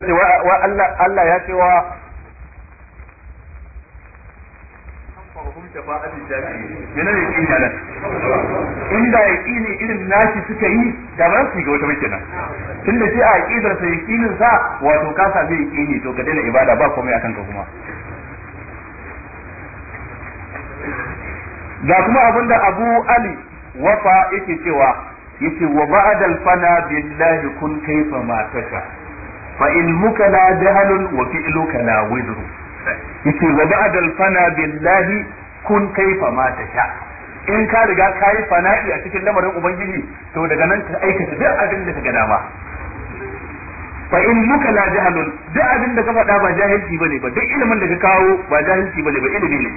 Allah ya ce wa inda ne irin nashi suka yi da ba su ga wata mace nan da shi a aqidar sa yaqinin sa wato ka sa ƙi ne to ka daina ibada ba komai akan kanka kuma ga kuma abinda Abu Ali wafa yake cewa yake wa ba'dal fana billahi kun kaifa ma tasha fa muka la jahlun wa fi'luka la wizru yace wa ba'da fana billahi kun kaifa tasha in ka riga ka yi fana'i a cikin lamarin ubangiji to daga nan ka aikata duk abin da kaga dama fa in muka la jahalun duk abin da ka faɗa ba jahilci bane ba duk ilimin da ka kawo ba jahilci bane ba ilimi ne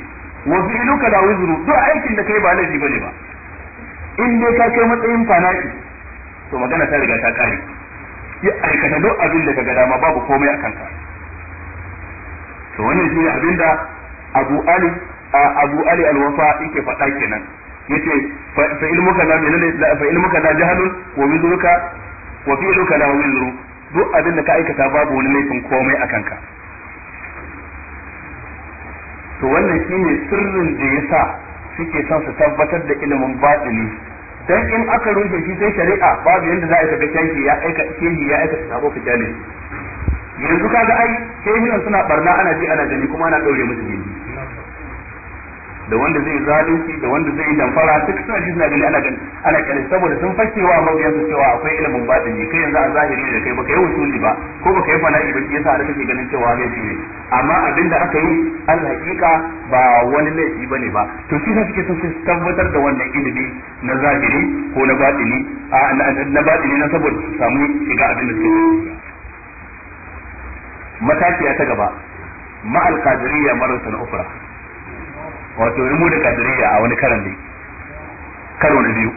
wa fi iluka la wizru duk aikin da kai ba laifi bane ba in dai ka kai matsayin fana'i to magana ta riga ta kare ya aikata duk abin da ga dama babu komai a kanka to wannan shi abin da Abu Ali Abu Ali al-Wafa yake faɗa kenan yace fa ilmuka la min la fa ilmuka la jahlun wa wizruka wa fi'luka la wizru duk abin da ka aikata babu wani laifin komai a kanka to wannan shine sirrin da yasa suke son su tabbatar da ilimin batini dan in aka rufe shi sai shari'a babu yanda za a kaga kehi ya aika kehi ya aika sabo fi jale yanzu kaga ai kehinan suna barna ana ji ana gani kuma ana daure musu jini. da wanda zai zalunci da wanda zai damfara duk suna ji suna gani ana gani kare saboda sun wa mabiyan su cewa akwai ilimin batini kai yanzu a zahiri da kai baka yi wusuli ba ko baka yi fana'i ba shi yasa da kake ganin cewa fi ne amma abin da aka yi an hakika ba wani laifi ba ne ba to shi sa suke sun su tabbatar da wannan ilimi na zahiri ko na batini na batini na saboda su samu shiga abin da suke matakiya ta gaba ma'al marasa na ukra wato in mu da kadiriya a wani karan ne karo na biyu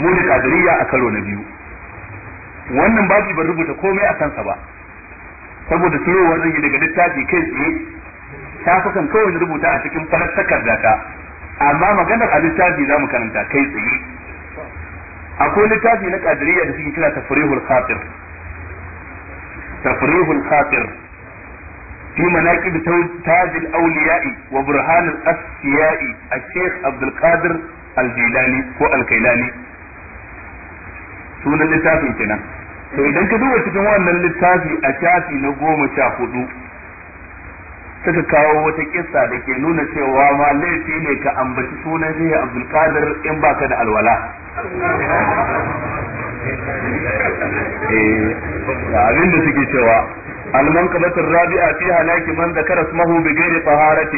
mu da kadiriyya a karo na biyu wannan babi ban rubuta komai a kansa ba saboda turowar zan yi daga littafi kai tsaye ta kan kawai rubuta a cikin farar takarda ta amma maganar a littafi za mu karanta kai tsaye akwai littafi na kadiriyya da suke kira tafrihul khatir tafrihul khatir في مناكب تاج الأولياء وبرهان الأسياء الشيخ عبد القادر الجيلاني هو الكيلاني سونا littafin كنا فإذا idan ka duba cikin wannan littafi a shafi suka kawo wata kissa da ke nuna cewa ma laifi ne ka ambaci sunan shehu kadir in baka da alwala eh abin da suke cewa المنقبة الرابعة في هلاك من ذكر اسمه بغير طهارة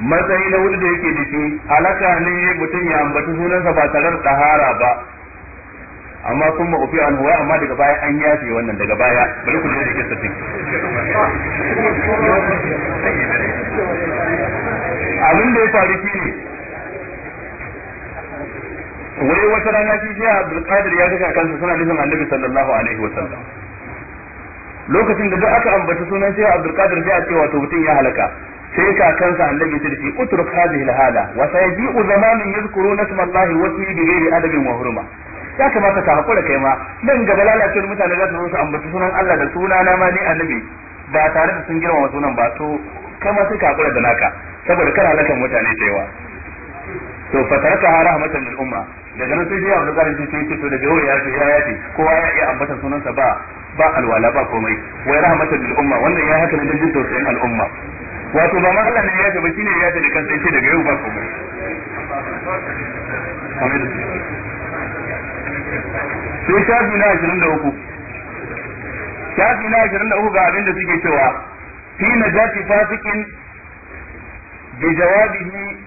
matsayi na wani da yake da shi halaka ne mutum ya ambaci sunansa ba tare da tsahara ba amma sun ma'ufi an huwa amma daga baya an yafe wannan daga baya bari ku da ke sassin abin da ya faru shi ne wai wata rana shi shi abdulkadir ya kashe kansa suna nufin annabi sallallahu alaihi wasallam lokacin da duk aka ambaci sunan sai abdul qadir sai a ce wato mutum ya halaka sai kakansa annabi sai ce utruk hadhihi alhala wa sayaji'u zamanun yadhkuruna isma allahi wa bi ghairi adabin wa hurma ya kamata ka hakura kai ma dan gaba lalacewar mutane za su zo su ambaci sunan Allah da sunana ma ni annabi ba tare da sun girmama sunan ba to kai ma sai ka hakura da naka saboda kana halakan mutane da yawa to fatarka ha rahmatan lil umma daga nan sai ya Abdul Qadir sai ce to da ya ce ya ce kowa ya iya ambata sunansa ba ba alwala ba komai wai rahmatul lil umma wannan ya haka ne dan jin tausayin al'umma wato ba ma Allah ne ya tabbaci ne ya da kansa yace daga yau ba komai sai shafi na 23 shafi na 23 ga abin da suke cewa fi najati fasikin bi jawabihi jawabihi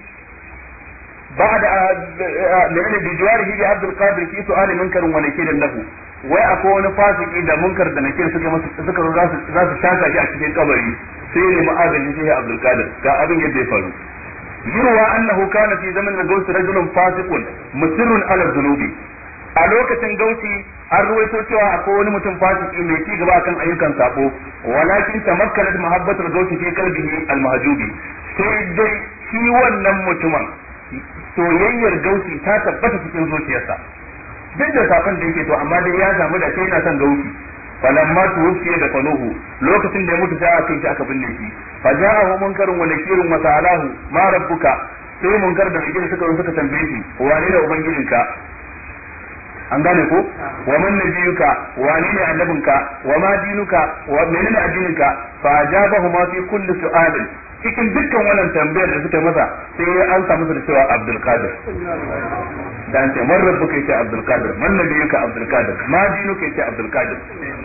لأن بجواره بعبد القادر في wane ke da له wai akwai wani fasiki da munkar da nake suka masa suka za su shi a cikin kabari sai ne ma'azin shi Abdul Qadir ga abin yadda ya faru yurwa annahu kana fi zaman na gausu rajulun fasikun musirrun ala zunubi. a lokacin gausi an ruwaito cewa akwai wani mutum fasiki mai ci gaba kan ayyukan sabo walakin tamakkanat mahabbatul gausi fi qalbihi al-mahjubi sai dai shi wannan mutumin soyayyar gausi ta tabbata cikin zuciyarsa duk da safan da yake to amma dai ya samu da kai na son gauki falamma wuce da faluhu lokacin da ya mutu sai aka kai aka binne shi fa ja'ahu munkarun wa nakirun wa sa'alahu ma rabbuka sai munkar da nakir suka zo suka tambaye shi wane ne ubangijinka an gane ko wa man nabiyuka wane ne annabinka wa ma dinuka wa menene addininka fa ajabahu ma fi kulli su'alin cikin dukkan wannan tambayar da suka masa sai ya ansa musu da cewa Abdul Qadir da ce man rabbuka ce Abdul Qadir man nabiyuka Abdul Qadir ma dinu dinuka ce Abdul Qadir min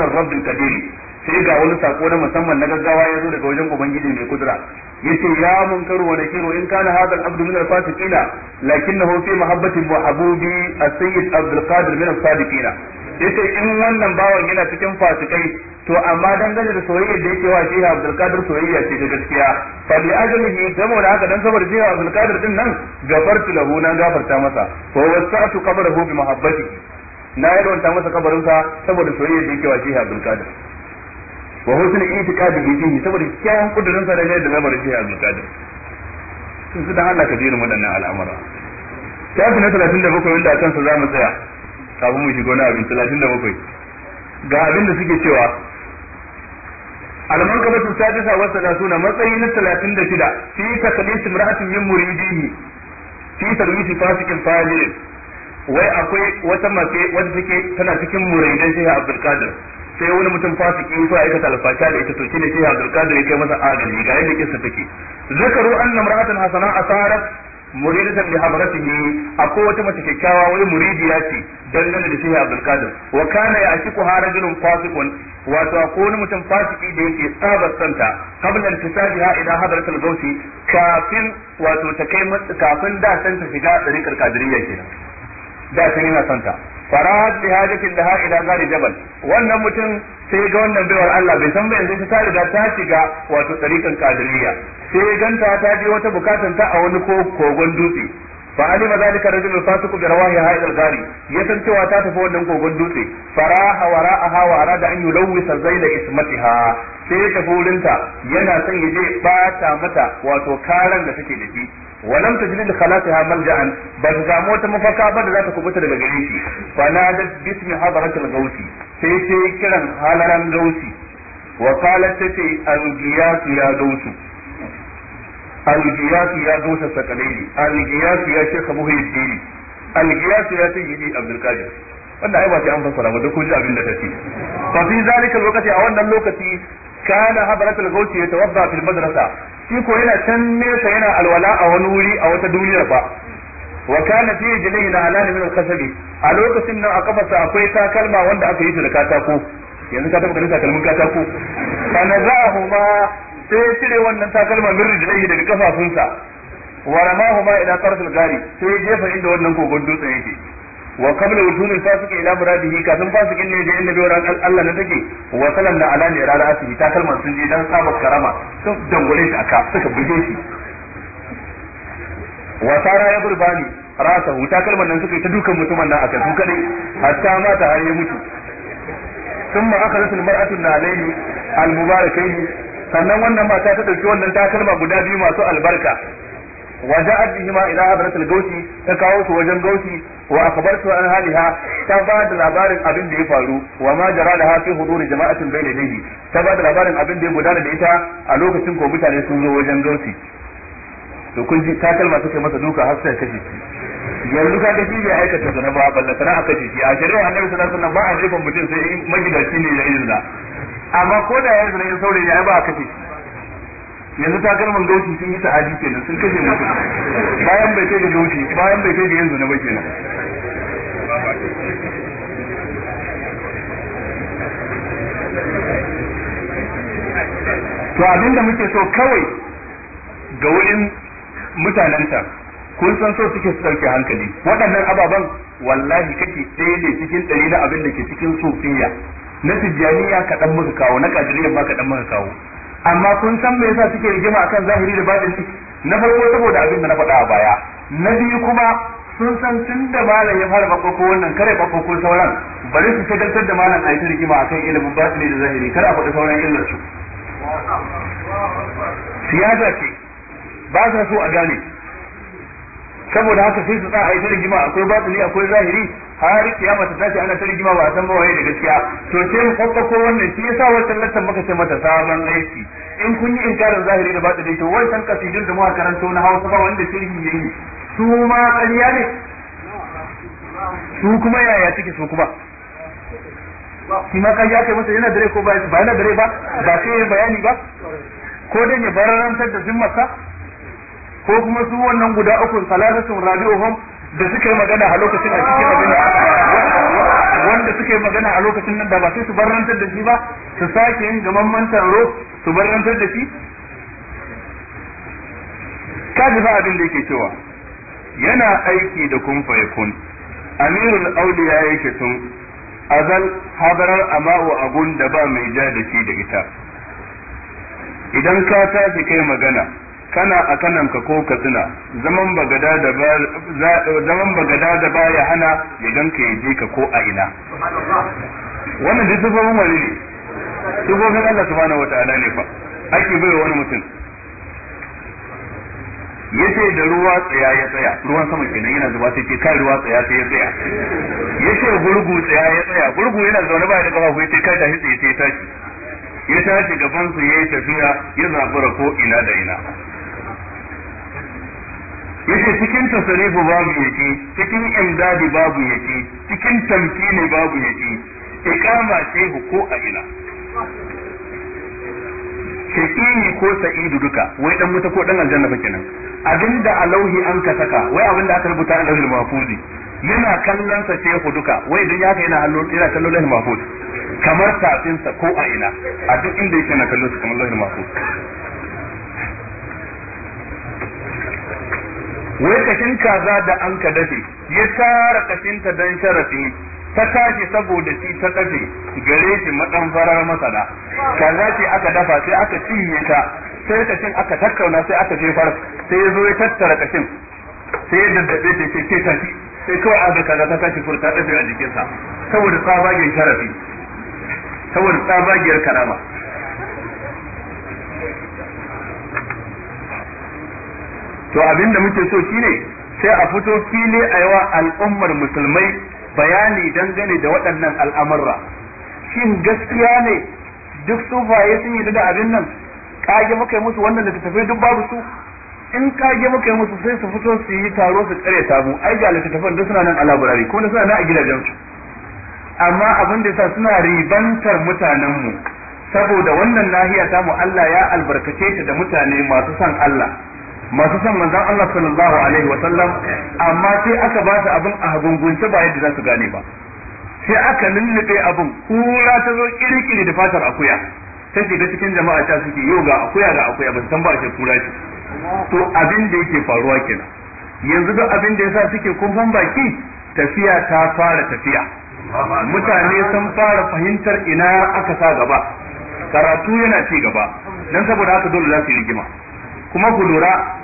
ar-rabb al الكبير sai ga wani sako na musamman na gaggawa ya zo daga wajen ubangiji mai kudura yace ya munkaru wa nakiru in kana al abdu min al-fasiqina lakinnahu fi mahabbati wa habubi as-sayyid abdul qadir min as-sadiqina yace in wannan bawan yana cikin fasikai to amma dangane da soyayya da yake wa shi Abdul Qadir soyayya ce ta gaskiya fa bi ajlihi saboda haka dan saboda shi Abdul Qadir din nan gafartu lahu nan gafarta masa fa wasa'tu qabrahu bi mahabbati na yalwanta masa sa saboda soyayya da yake wa shi Abdul Qadir wa husn bi fihi saboda kyan kudurin sa da da lamarin shi Abdul Qadir sun su dan Allah ka jira waɗannan al'amura ta fi na 37 wanda a kansa za mu tsaya kafin mu shiga wani abin talatin da bakwai ga abin da suke cewa almarkabatu wasu da suna, matsayi na talatin da shida fi taqlis imra'atin min muridihi fi tarwisi fasikin fajir wai akwai wata mace wadda take tana cikin muridan shi abdul qadir sai wani mutum fasiki ko aikata alfasha da ita to shine shi abdul ya kai masa agali, ga yadda kisa take zakaru anna imra'atan hasana asarat muridatan bi ne akwai wata mace kyakkyawa wani muridiya ce dangane da shehu Abdul Qadir wa kana ya shiku harajulun fasiqun wato akwai wani mutum fasiki da yake tsabar santa qabla intisabiha ila hadrat al kafin wato ta kai kafin da santa shiga dariƙar kadiriyya kenan da san yana santa farad bi hajatin da ila zari jabal wannan mutum sai ga wannan baiwar Allah bai san ba yanzu ta riga ta shiga wato tsarikan kadiriyya sai ganta ta je wata bukatan ta a wani kogon dutse fa alima zalika rajul fasiqu bi rawahi ha'il al ya san cewa ta tafi wannan kogon dutse faraha wara'aha wa arada an yulawisa zaila ismatiha sai ya tafi wurinta yana son ya je bata mata wato karan da take da shi ولم تجد لخلاصها ملجا بس سامو ta mafaka ba da za ta kubuta daga gare Bana fanadat bismi hadratil gausi sai sai kiran halaran gausi wa qalat tace algiyatu ya gausu algiyatu ya gausa sakalaini algiyatu ya shekha muhyiddin algiyatu ya sayyidi abdul qadir wanda ai ba an fassara ba duk kun abin da tace fa fi lokaci a wannan lokaci kana hadratul gausi yatawadda fil madrasa shi ko yana can nesa yana alwala a wani wuri a wata duniyar ba wa kana fi jilai na alani min al a lokacin nan a kafarsa akwai takalma wanda aka yi shi da katako yanzu ka taba ganin takalmin katako fa nazahu ma sai ya cire wannan takalma min rijlaihi daga kafafunsa wa ramahu ma ila tarfil gari sai ya jefa inda wannan kogon dutsen yake wa qabla wujudi al-fasiq ila muradihi kafin fasikin ne da annabi wa Allah na take wa salam da ala ne asiri ta kalmar sun je dan saba karama sun dangure shi aka suka buje shi wa sara ya gurbani rasahu ta kalmar nan suka yi ta dukan mutumin nan aka su kadai hatta mata har ya mutu ثم أخذت المرأة النعلين المباركين sannan wannan mata ta ɗauki wannan takalma guda biyu masu albarka wa ja'at ma ila hadrat al ta kawo su wajen gausi wa akhbartu an haliha ta ba da labarin abin da ya faru wa ma jara da jama'a hudur jama'atin bayna yadayhi ta ba da labarin abin da ya gudana da ita a lokacin ko mutane sun zo wajen gausi to kun ji ta kalma masa duka har sai kashe shi yanzu ka gashi bai aikata zina ba balla aka kashe shi a shari'a annabi sallallahu alaihi wasallam ba a jefa mutum sai magidaci ne a yi amma ko da ya zina saurayi ba a kashe shi yanzu takalman gauci sun yi sa'adi nan sun kashe mutum bayan bai kai da gauci bayan bai kai da yanzu na ba to abinda muke so kawai ga wurin mutanenta ta kun san so suke su ɗauke hankali waɗannan ababen wallahi kake ɗaya ne cikin ɗari na abin da ke cikin sufiya na tijjaniya kaɗan muka kawo na ƙadiriyar ma kaɗan muka kawo amma kun san me yasa suke rigima akan zahiri da su na farko saboda abin da na faɗa a baya na biyu kuma sun san tun da malam ya fara bakwako wannan kare bakwako sauran bari su shagaltar da malam a yi rigima akan ilimin batini da zahiri kar a faɗi sauran illar su siyasa ce ba sa so a gane saboda haka sai su tsaya a yi rigima akwai batini akwai zahiri har kiyama ta tashi ana ta rigima ba a san mawaye da gaskiya to sai mu kwakwako wannan shi yasa wancan lattan muka ce mata sabon aiki in kun yi inkarin zahiri da batini to wancan kasidin da muka karanto na Hausa ba wanda shirhi ne su ma ƙarya ne su kuma yaya suke su kuma shi ma ƙarya ke masa yana dare ko ba yana dare ba ba sai bayani ba ko dan ya bararantar da zimmarsa ko kuma su wannan guda uku salatu rabi'uhum da suka yi magana a lokacin a cikin abin wanda suka yi magana a lokacin nan da ba sai su barrantar da shi ba su sake yin gamamman taro su barrantar da shi kaji ba abin da yake cewa yana aiki da kun fayakun amirul auliya yake tun azal hadarar ama'u agun da ba mai ja da shi da ita idan ka tashi kai magana kana a ka ko ka tuna, zaman bagada da ba zaman bagada da baya hana ya ganka ya je ka ko a ina wannan duk sifofin wani ne sifofin Allah subhanahu wataala ne fa ake bai wani mutum yace da ruwa tsaya ya tsaya ruwan sama kenan yana zuba sai ce kai ruwa tsaya sai ya tsaya yace gurgu tsaya ya tsaya gurgu yana zaune ba da kafa sai kai tashi tsaye sai tashi ya tashi gaban su yayi tafiya ya zabura ko ina da ina yace cikin tasarifu babu yake cikin imdadi babu yake cikin tamkini babu yaji iqama shehu ko a ina shaqiyi ko sa'idu duka wai dan wuta ko dan aljanna ba kenan abinda a lauhi an ka saka wai abinda aka rubuta a lauhi mafuzi yana kallon sa shehu duka wai idan ya kai yana kallon yana kallon lauhi mahfuz kamar tafin sa ko a ina a duk inda yake na kallon sa kamar lauhi mahfuz wai kashin kaza da an ka dafe ya tara kashinta don sharafi ta tashi saboda shi ta tafe gare shi madan farar masana kaza ce aka dafa sai aka cinye ta sai kashin aka tattauna sai aka jefar sai ya zo ya tattara kashin sai ya daddabe ta ce ke tafi sai kawai aka kaza ta tashi furta dafe a jikinsa saboda tsabagen sharafi saboda tsabagiyar karama to abin da muke so shine sai a fito fili a yawa al'ummar musulmai bayani dangane da waɗannan al'amurra shin gaskiya ne duk sufaye sun yi da abin nan kage muka yi musu wannan da tafi duk babu su in kage muka yi musu sai su fito su yi taro su tsare mu ai ga littattafan da suna nan a laburare ko suna nan a su amma abin da yasa suna ribantar mutanenmu saboda wannan lahiya ta mu Allah ya albarkace ta da mutane masu son Allah masu son manzon Allah sallallahu alaihi wa sallam amma sai aka ba su abin a gungunce ba yadda za su gane ba sai aka lullube abin kura ta zo kirkiri da fatar akuya ta shiga cikin jama'a ta suke yau ga akuya da akuya ba san ba a kura ce to abin da yake faruwa kenan yanzu da abin da yasa suke kumfan baki tafiya ta fara tafiya mutane sun fara fahimtar ina aka sa gaba karatu yana ci gaba dan saboda haka dole za su yi rigima kuma ku lura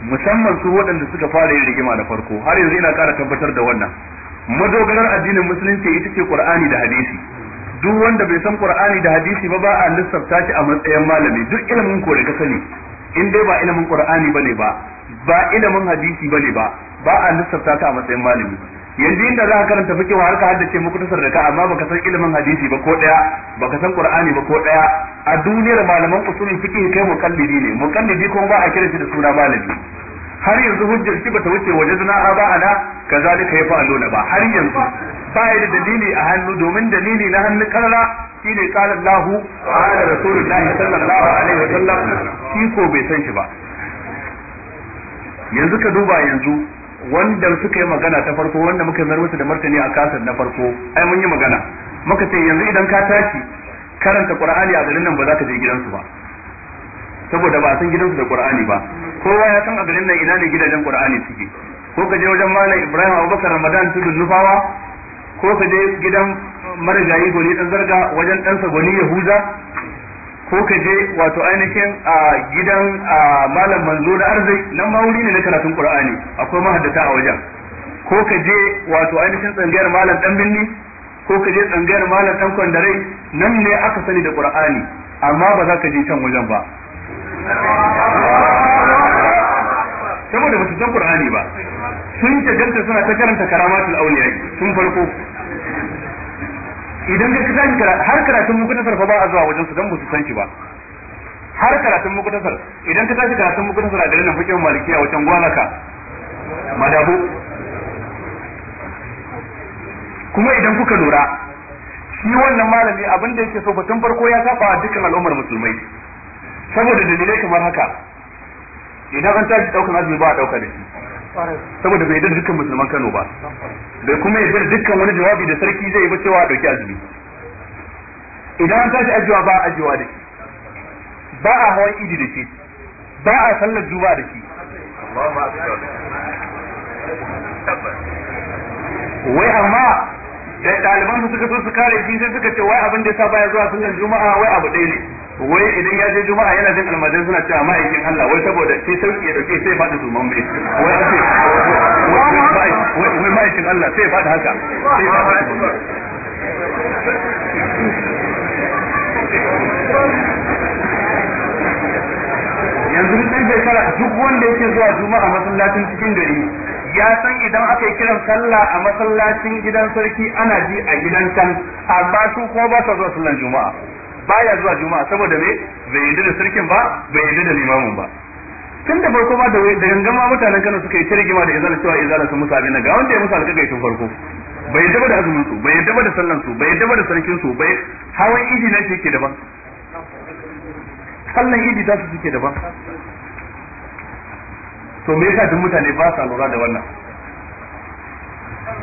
musamman su waɗanda suka fara yin rigima da farko har yanzu ina ƙara tabbatar da wannan madogarar addinin musulunci ita ce qur'ani da hadisi duk wanda bai san qur'ani da hadisi ba ba a lissafta shi a matsayin malami duk ilimin ko da ka sani in dai ba ilimin qur'ani bane ba ba ilimin hadisi bane ba ba a lissafta ta a matsayin malami yanzu inda za ka karanta wa har ka haddace muku tasar da ka amma baka san ilimin hadisi ba ko daya baka san qur'ani ba ko daya a duniyar malaman usulin fiqh kai muqallidi ne muqallidi kuma ba a kira shi da suna malami har yanzu hujjar shi bata wuce waje wajadna aba ana kazalika yafa'aluna ba har yanzu ba ya da dalili a hannu domin dalili na hannu karara shine qala Allahu ala rasulillahi sallallahu alaihi wasallam shi ko bai san shi ba yanzu ka duba yanzu wanda suka yi magana ta farko wanda muka yi musu da martani a kasar na farko ai mun yi magana muka ce yanzu idan ka tashi karanta qur'ani a garin nan ba za ka je gidansu ba saboda ba san gidansu da qur'ani ba kowa ya san a garin nan ina ne gidajen qur'ani suke ko ka je wajen malam Ibrahim Abubakar Ramadan tudun nufawa ko ka je gidan marigayi goni dan zarga wajen dan goni Yahuda ko ka je wato ainihin a gidan malam manzo da arzai nan ma wuri ne na karatun qur'ani akwai mahaddata a wajen ko ka je wato ainihin tsangayar malam dan binni ko ka je tsangayar malam dan kwandare nan ne aka sani da qur'ani amma ba za ka je can wajen ba saboda ba su san qur'ani ba sun shagalta suna ta karanta karamatul auliya sun farko idan ka tashi har karatun mukutasar fa ba a zuwa wajen su dan musu san shi ba har karatun mukutasar idan ka tashi karatun mukutasar a garin nan fiqh malikiya wajen gwalaka madabu kuma idan kuka lura shi wannan malami abin da yake so batun farko ya saba dukkan al'ummar musulmai saboda dalilai kamar haka idan an tashi daukan azumi ba a dauka da shi saboda bai da dukkan musulman Kano ba bai kuma yadda dukkan wani jawabi da sarki zai yi ba ɗauki dauki azumi idan an tashi ajiwa ba a ajiwa da shi ba a hawan idi da shi ba a sallar juba da shi wai amma da ɗaliban su suka so su kare shi sai suka ce wai abin da ya sa baya zuwa sallar juma'a wai abu ɗaya ne wai idan ya je juma'a yana jin almajirai suna cewa ma'aikin Allah wai saboda sai sauki ya dauke sai faɗi su mambe wai ma'aikin Allah sai faɗi haka sai faɗi suman yanzu mutum duk wanda yake zuwa juma'a masallacin cikin gari ya san idan aka yi kiran sallah a masallacin gidan sarki ana ji a gidan can amma su kuma ba sa zuwa sallan juma'a baya zuwa juma'a saboda me bai yarda da sarkin ba bai yarda da limamin ba tun da farko ma da da gangama mutanen Kano suka yi tirgima da izala cewa izala sun musu abin ga wanda ya musu alƙaƙai tun farko bai yarda da azumin su bai yarda da sallan su bai yarda da sarkin su bai hawan idi na yake daban sallan idi ta su suke daban to me yasa duk mutane ba sa lura da wannan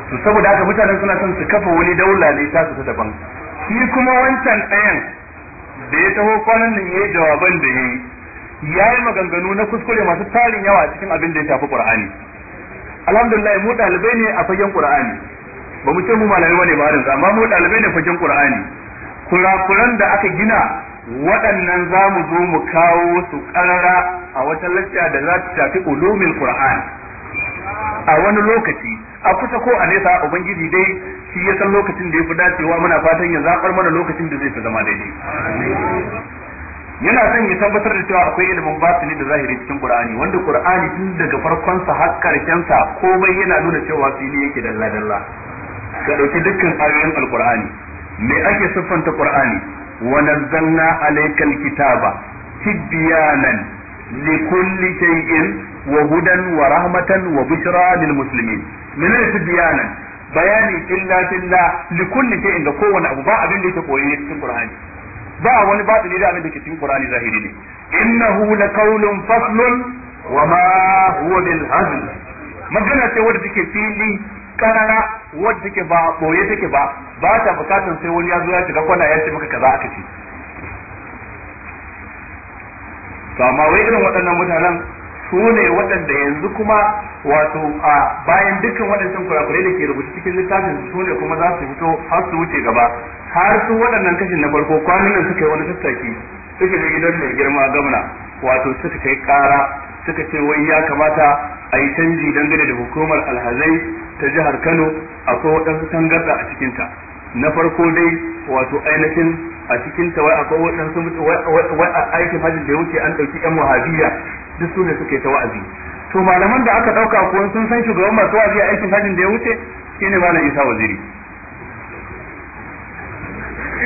to saboda haka mutanen suna son su kafa wani daula ne ta su ta daban shi kuma wancan ɗayan da ya taho kwanan nan yayi jawaban da ya yi maganganu na kuskure masu tarin yawa cikin abin da ya shafi Qur'ani alhamdulillah mu ɗalibai ne a fagen ƙur'ani, ba mu ce mu malamai bane ba yanzu amma mu dalibai ne fagen Qur'ani kurakuran da aka gina waɗannan za mu zo mu kawo su ƙarara a wata lacca da za ta shafi ulumin ƙur'ani a wani lokaci a kusa ko a nesa ubangiji dai shi ya san lokacin da ya fi dacewa muna fatan ya zaɓar mana lokacin da zai fi zama daidai yana son ya tabbatar da cewa akwai ilimin batini da zahiri cikin qur'ani wanda qur'ani tun daga farkon sa har karshen sa komai yana nuna cewa fili yake dalla dalla ga dauki dukkan ayoyin alqur'ani me ake siffanta qur'ani wa nazzalna alaykal kitaba tibyanan likulli shay'in wa hudan wa rahmatan wa bushra lil muslimin menene tibyanan bayani illa illa li kulli shay'in da kowanne abu ba abin da yake koyi cikin Qur'ani ba wani batini da abin da yake cikin Qur'ani zahiri ne innahu qawlun faslun wa ma huwa bil hazl magana ce wadda take fili karara wadda take ba boye take ba ba ta bukatun sai wani ya zo ya shiga kwana ya ce maka kaza aka ce to amma wai irin waɗannan mutanen su ne waɗanda yanzu kuma wato a bayan dukkan waɗancan kurakurai da ke rubuta cikin littafin su ne kuma za su fito har su wuce gaba har su waɗannan kashin na farko kwanan nan suka yi wani tattaki suka je gidan mai girma gamna wato suka kai ƙara suka ce wai ya kamata a yi canji dangane da hukumar alhazai ta jihar kano akwai waɗansu tangarɗa a cikinta na farko dai wato ainihin a cikin ta wai akwai waɗansu wai a aikin hajji da ya wuce an ɗauki yan wahabiya duk su ne suke ta wa'azi to malaman da aka ɗauka ko sun san shugaban masu wa'azi a aikin hajji da ya wuce shine malam isa waziri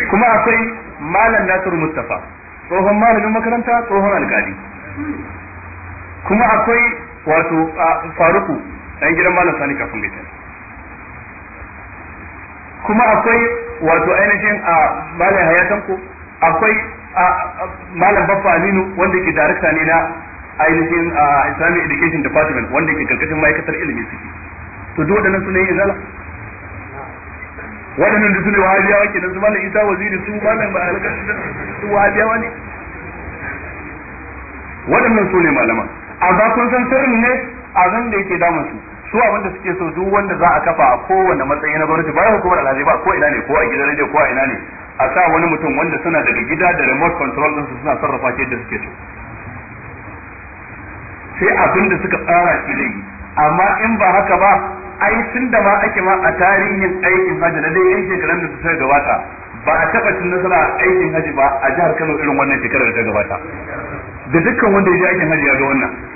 kuma akwai malam nasiru mustafa tsohon malamin makaranta tsohon alkali kuma akwai wato faruku dan gidan malam sani kafin gaita kuma akwai wato ainihin a malam hayatanku akwai malam baffa aminu wanda yake darakta ne na ainihin a islamic education department wanda yake karkashin ma'aikatar ilimi suke to duk waɗannan su ne zala waɗannan da su ne wahabiyawa ke nan su malam isa waziri su malam ba su wahabiyawa ne waɗannan su ne malama amma kun san sirrin ne zan da yake damun su su wanda suke so duk wanda za a kafa a kowane matsayi na gwamnati ba hukumar alhaji ba ko ina ne ko a gida ne ko a ina ne a sa wani mutum wanda suna daga gida da remote control din su suna sarrafa shi yadda suke so sai abin da suka tsara shi dai amma in ba haka ba ai tun da ma ake ma a tarihin aikin haji na dai yake shekaran da su sai gabata ba a taɓa cin nasara aikin haji ba a jihar Kano irin wannan shekarar da ta gabata da dukkan wanda ya je aikin haji ya ga wannan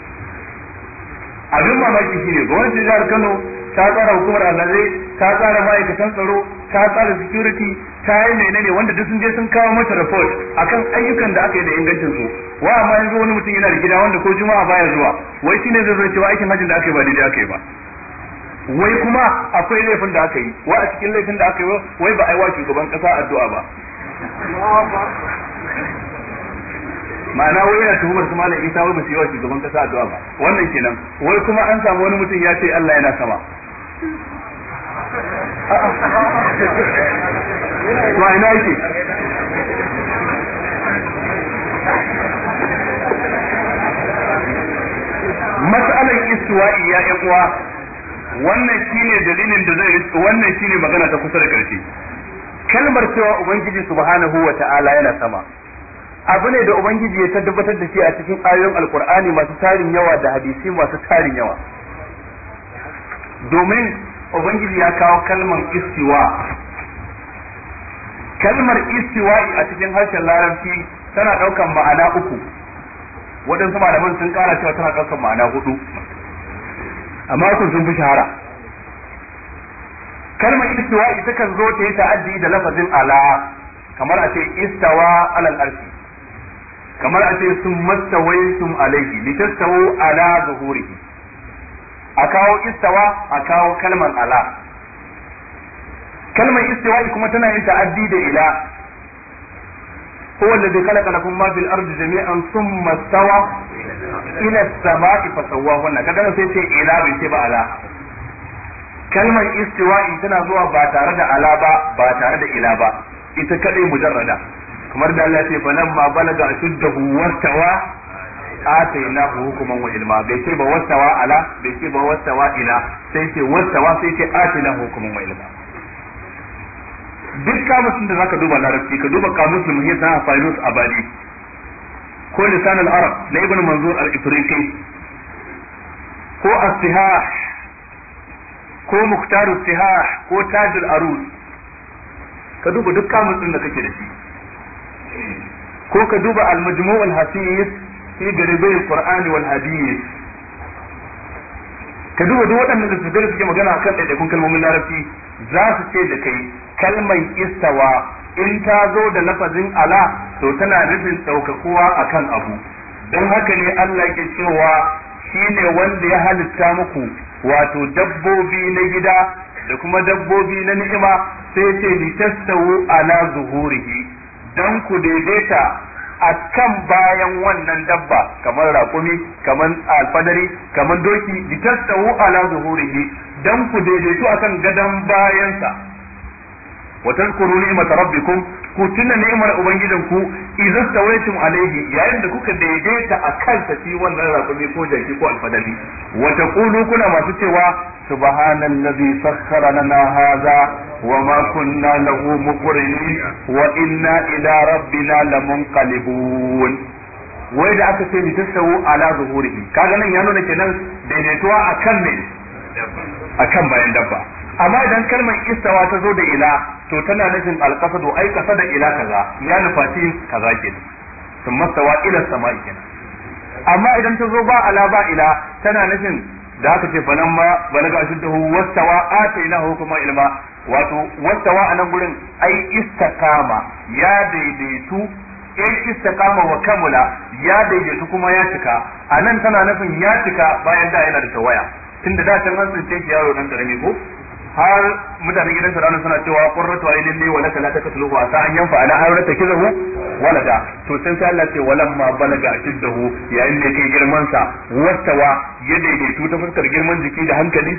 abin mamaki shine gwamnatin jihar Kano ta tsara hukumar alhazai ta tsara ma'aikatan tsaro ta tsara security ta yi menene wanda duk sun je sun kawo mata report akan ayyukan da aka yi da ingancin su wa amma yanzu wani mutum yana da gida wanda ko juma'a baya zuwa wai shine zai zo cewa aikin hajjin da aka yi ba daidai aka yi ba wai kuma akwai laifin da aka yi wa a cikin laifin da aka yi wai ba a yi wa shugaban kasa addu'a ba ma'ana wai yana tuhumar su malam Isa wai ba su yi shugaban kasa addu'a ba wannan kenan wai kuma an samu wani mutum ya ce Allah yana sama to yake mas'alan istiwa'i ya yan uwa wannan shine dalilin da zai wannan shine magana ta kusa da karshe kalmar cewa ubangiji subhanahu wa ta'ala yana sama abu ne da ubangiji ya tabbatar da shi a cikin ayoyin alkur'ani masu tarin yawa da hadisi masu tarin yawa domin ubangiji ya kawo kalmar istiwa kalmar istiwa a cikin harshen larabci tana daukan ma'ana uku waɗansu malaman sun kara cewa tana daukan ma'ana hudu amma sun sun fi shahara kalmar istiwa ita kan zo ta yi ta'addi da lafazin ala kamar a ce istawa alal arshi kamar a ce sun sun alaihi litastawu ala zuhurihi a kawo istawa a kawo kalmar ala kalmar istawa kuma tana yin ta'addi da ila huwa alladhi khalaqa lakum ma fil ardi jami'an thumma istawa ila as-sama'i fasawwahunna kaga sai ce ila bai ce ba ala kalmar istiwa'i tana zuwa ba tare da ala ba ba tare da ila ba ita kadai mujarrada kamar da Allah ya ce ma balaga ashuddahu wastawa atainahu hukuman wa ilma bai ce ba wastawa ala bai ce ba wastawa ila sai ce wastawa sai ce atainahu hukuman wa ilma duk kamusin da zaka duba larabci ka duba mun yi sana Fairuz Abadi ko lisan al-arab na ibn manzur al-ifriqi ko as-sihah ko muhtar as-sihah ko tajul arus ka duba duk kamusin da kake da shi ko ka duba al-majmu' al fi garibai al-qur'ani ka duba duk waɗannan da suke magana kan ɗaiɗaikun kalmomin larabci za su ce da kai kalmar istawa in ta zo da lafazin ala to tana nufin ɗaukakuwa akan abu don haka ne Allah ke cewa shi ne wanda ya halitta muku wato dabbobi na gida da kuma dabbobi na ni'ima sai ce ni tastawu ala zuhurihi don ku daidaita a kan bayan wannan dabba kamar raƙumi kamar alfadari kamar doki litastawu ala zuhurihi dan ku daidaitu a kan gadon bayansa wa tadhkuru ni'mat rabbikum ku tuna ni'imar ubangijin ku idza tawaitum alaihi yayin da kuka daidaita a kansa shi wannan rakumi ko jaki ko alfadali wa taqulu kuna masu cewa subhanallazi sakhkhara lana hadha wa ma kunna lahu muqrinin wa inna ila rabbina lamunqalibun wai da aka ce ni tasawu ala zuhurihi kaga nan ya nuna kenan daidaituwa akan ne akan bayan dabba amma idan kalmar istawa ta zo da ila to tana nufin alqasadu ai da ila kaza ya nufaci kaza kenan sun mastawa ila sama'i kenan amma idan ta zo ba ala ba ila tana nufin da haka ce banan ma balaga dahu wastawa atainahu hukuma ilma wato wastawa a nan gurin ai istakama ya daidaitu in istakama wa kamula ya daidaitu kuma ya cika a nan tana nufin ya cika bayan da yana da tawaya tunda da can an tsince ki yaro dan karami ko har mutanen gidan Fir'auna suna cewa qurratu aynin li wa laka takatluhu asa an yanfa ala harata kizahu walada to sai sai Allah ce walamma balaga ashiddahu yayin da kai girman sa wattawa ya daidaitu ta fuskar girman jiki da hankali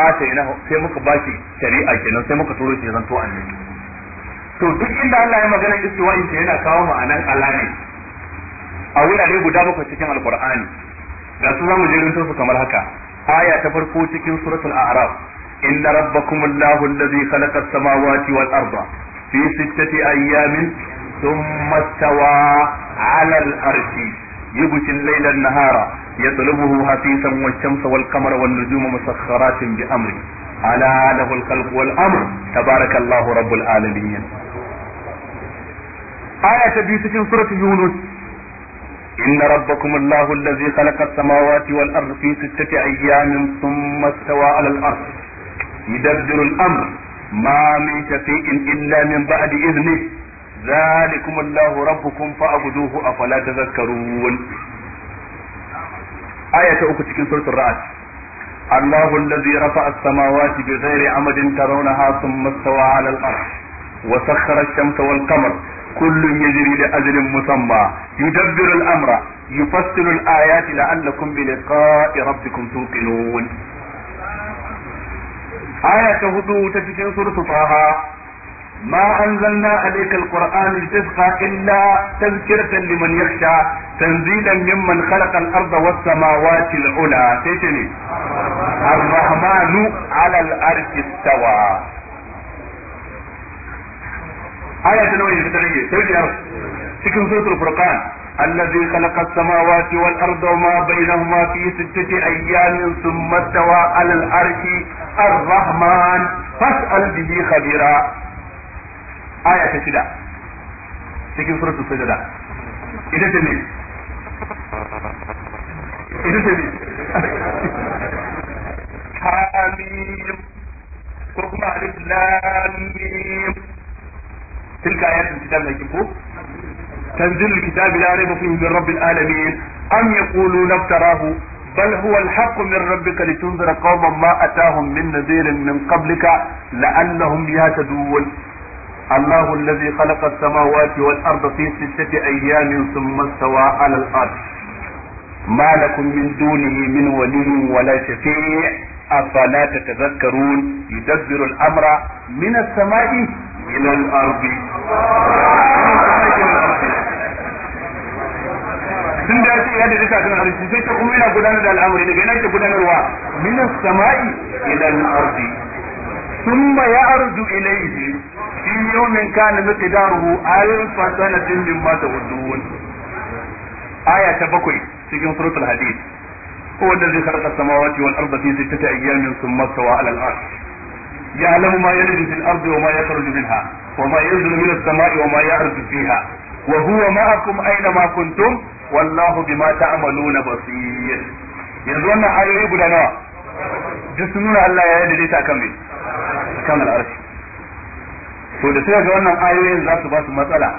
A sai na sai muka bashi shari'a kenan sai muka turo shi zanto annabi to duk inda Allah ya magana istiwa'in sa yana kawo ma'anan alani a wurare guda bakwai cikin alqur'ani ga su zamu je rinto su kamar haka aya ta farko cikin suratul a'raf إن ربكم الله الذي خلق السماوات والأرض في ستة أيام ثم استوى على الأرش يبت الليل النهار يطلبه حثيثا والشمس والقمر والنجوم مسخرات بأمره ألا له الخلق والأمر تبارك الله رب العالمين آية بيوت في سورة يونس إن ربكم الله الذي خلق السماوات والأرض في ستة أيام ثم استوى على الأرض يدبر الأمر ما من شفيء إلا من بعد إذنه ذلكم الله ربكم فاعبدوه أفلا تذكرون آية أخرى تكن سورة الرعد الله الذي رفع السماوات بغير عمد ترونها ثم استوى على الأرض وسخر الشمس والقمر كل يجري لأجل مسمى يدبر الأمر يفصل الآيات لعلكم بلقاء ربكم توقنون aya ta hudu ta cikin suratu taha ما أنزلنا عليك القرآن لتشقى إلا تذكرة لمن يخشى تنزيلا ممن خلق الأرض والسماوات العلى تيتني الرحمن على الأرض استوى آية نوعية تتلقي تلقي cikin suratul furqan الذي خلق السماوات والأرض وما بينهما في ستة أيام ثم استوى على العرش الرحمن فاسأل به خبيرا آية شدة cikin suratul sajada ita ce ne ita ce ne hamim ko kuma alif lam mim tilka ayatul kitab da ko تنزيل الكتاب لا ريب فيه من رب العالمين أم يقولون افتراه بل هو الحق من ربك لتنذر قوما ما أتاهم من نذير من قبلك لعلهم يهتدون الله الذي خلق السماوات والأرض في ستة أيام ثم استوى على الأرض ما لكم من دونه من ولي ولا شفيع أفلا تتذكرون يدبر الأمر من السماء إلى الأرض tun da ce yadda daidaita kan arziki sai ta kuma yana gudanar da al'amari daga yana ke gudanarwa min samai ila al-ardi thumma ya'rudu ilayhi fi yawmin kana miqdaruhu alf sanatin mimma ta'udun aya ta bakwai cikin suratul hadid هو الذي خلق السماوات والأرض في ستة أيام ma استوى على العرش يعلم ما يلج في الأرض وما يخرج منها وما ينزل من السماء وما wa فيها وهو معكم أينما كنتم wallahu bima ta'maluna basir yanzu wannan ayoyi guda nawa duk sun nuna Allah ya yarda ta kan me kan al'arshi to da suka ga wannan ayoyin za su ba su matsala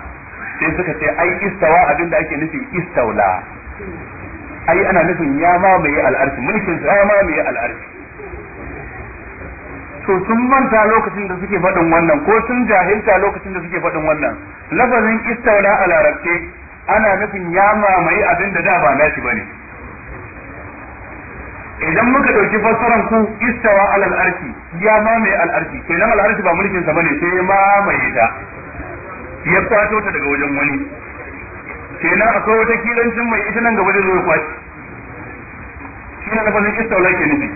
sai suka ce ai istawa abinda ake nufi istaula ai ana nufin ya mamaye al'arshi mulkin ya mamaye al'arshi to sun manta lokacin da suke faɗin wannan ko sun jahilta lokacin da suke faɗin wannan lafazin istaula a ana nufin ya mamaye abin da da ba nashi bane idan muka dauki fassaran ku istawa alal arshi ya mamaye al arshi kenan al arshi ba mulkin sa bane sai ya mamaye ta ya kwato ta daga wajen wani kenan akwai wata kilancin mai ita nan gaba da zo ya shi ne lafazin istawa ke nufi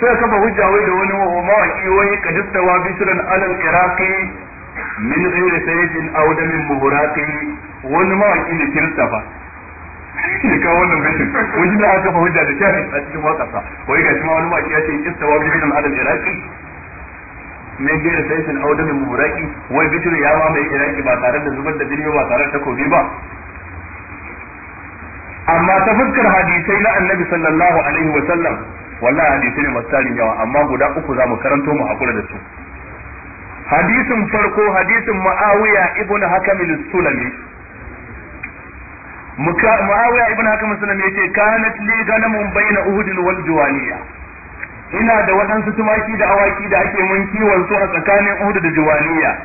sai kafa hujja wai da wani mawaki wai kadistawa bisiran alal iraqi min ghairi sayyidin aw min buhuraqi wani mawaki ne kirista ba ne kawo wannan rashin wajen da aka fahimta da shafi a cikin wakarsa wai ga shi ma wani mawaki ya ce kirista wa bishin al'adar iraki mai gaira saisin mai muraki wai bishin ya ma mai iraki ba tare da zubar da jirgin ba tare da takobi ba amma ta fuskar hadisai na annabi sallallahu alaihi wa sallam wallahi hadisai ne masu tarin yawa amma guda uku za mu karanto mu hakura da su hadisin farko hadisin ma'awiya ibn al sulami muawiya ibn hakim sallam yace kanat li ganamun bayna uhud wal juwaniya ina da waɗansu tumaki da awaki da ake mun kiwon su a tsakanin uhud da juwaniya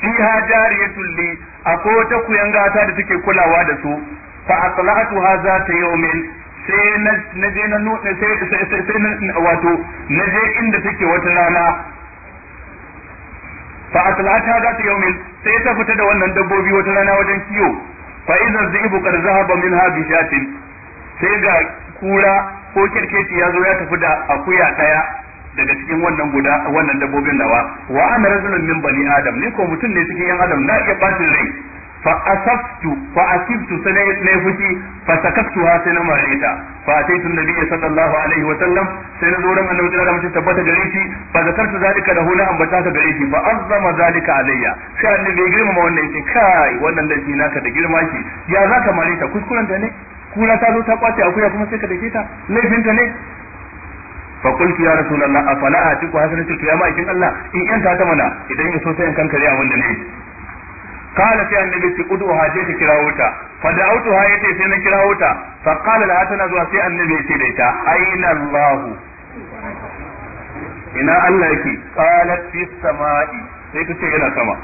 fiha jariyatun li akwai wata kuyanga ta da take kulawa da su fa hadha ta yawmin sai na je na nuna sai sai wato na je inda take wata rana fa hadha zata yawmin sai ta fita da wannan dabbobi wata rana wajen kiwo fa idza dhibu qad zahaba minha bi shatin sai ga kura ko kirkeci ya zo ya tafi da akuya daya daga cikin wannan guda wannan dabbobin nawa wa amara rajulun min bani adam ne ko mutum ne cikin yan adam na iya bacin rai fa asaftu fa asiftu sai na yi fa sakaftu ha sai na mare ta fa ataitu nabiyyi sallallahu alaihi wa sallam sai na zo ran annabi da mutum tabbata gare shi fa zakartu zalika lahu na ambata ka gare shi fa azzama zalika alayya sai annabi ya girma wannan yake kai wannan da jina ka da girma shi ya zaka mare ta kuskuren da ne kura ta zo ta kwace akuya kuma sai ka dake ta laifinta ne fa qultu ya rasulullah afala atiku hasanatu ya ma'aikin Allah in yanta ta mana idan ya so sai in kankare abin da ne قال في النبي ادعوها je ka kira ta fa da da'awtuha yace sai na kira ta fa qala la tana zuwa sai annabi yace da ita aina Allah ina Allah yake qalat fi samai sai ta ce yana sama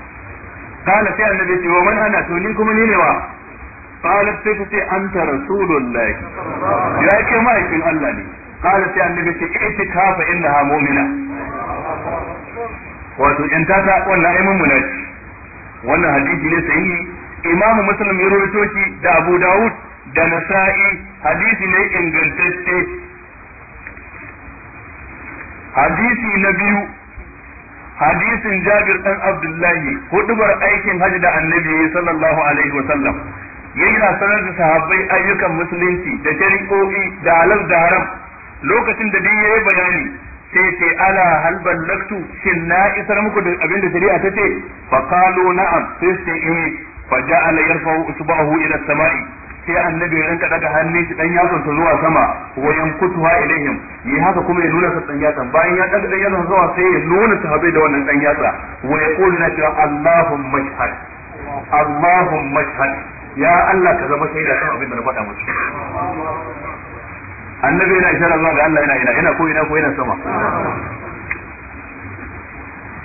qala sai annabi yace wa man ana to ni kuma ni ne wa qalat sai ta ce anta rasulullah ya ke ma'aikin Allah ne qala sai annabi yace itikafa innaha mu'mina wato in ta ta wannan ai mu'mina ce wannan hadisi ne sahihi imam muslim ya rawaito shi da abu dawud da nasa'i hadisi ne ingantacce hadisi na biyu hadisin jabir dan abdullahi hudubar aikin hajji da annabi sallallahu alaihi wa sallam yana sanar da sahabbai ayyukan musulunci da shari'o'i da halal da haram lokacin da dai yayi bayani sai ce ala hal laktu, shin na isar muku da abin da shari'a ta ce fa qalu na'am sai ce eh fa ja'ala yarfa'u usbahu ila samai sai annabi ya rinka daga hannun shi dan yatsan sa zuwa sama wa yankutuha ilaihim yi haka kuma ya nuna sa dan yatsan bayan ya daga dan yatsan zuwa sai ya nuna sahabbai da wannan dan yatsa wa yaqulu na cewa allahumma shahad allahumma shahad ya Allah ka zama shaida kan abin da na faɗa muku annabi yana ishara zuwa ga Allah yana ina ina ko ina ko yana sama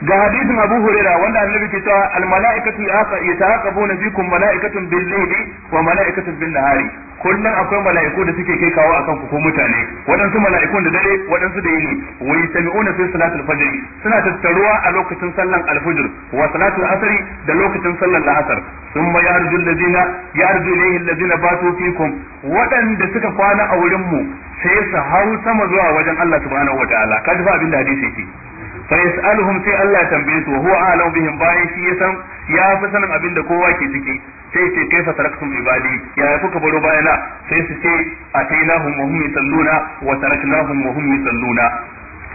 ga hadisin Abu Huraira wanda annabi ke cewa al mala'ikatu yataqabuna fikum mala'ikatu bil layli wa mala'ikatu bin nahari kullum akwai mala'iku da suke kai kawo akan ku ko mutane waɗansu mala'ikun da dare waɗansu da yini wa yastami'una fi salatul fajr suna tattaruwa a lokacin sallan al-fajr wa salatul asr da lokacin sallan al-asr thumma yarju alladhina yarju ilayhi alladhina batu fikum waɗanda suka kwana a wurin mu sai su hau sama zuwa wajen Allah subhanahu wataala kaji fa abin da hadisi yake fa yasaluhum sai Allah ya tambaye su wa huwa bayan shi ya san ya fi sanin abin da kowa ke ciki sai ce kaifa taraktum ibadi ya kuka baro bayana sai su ce atainahum wa hum yusalluna wa taraknahum wa hum yusalluna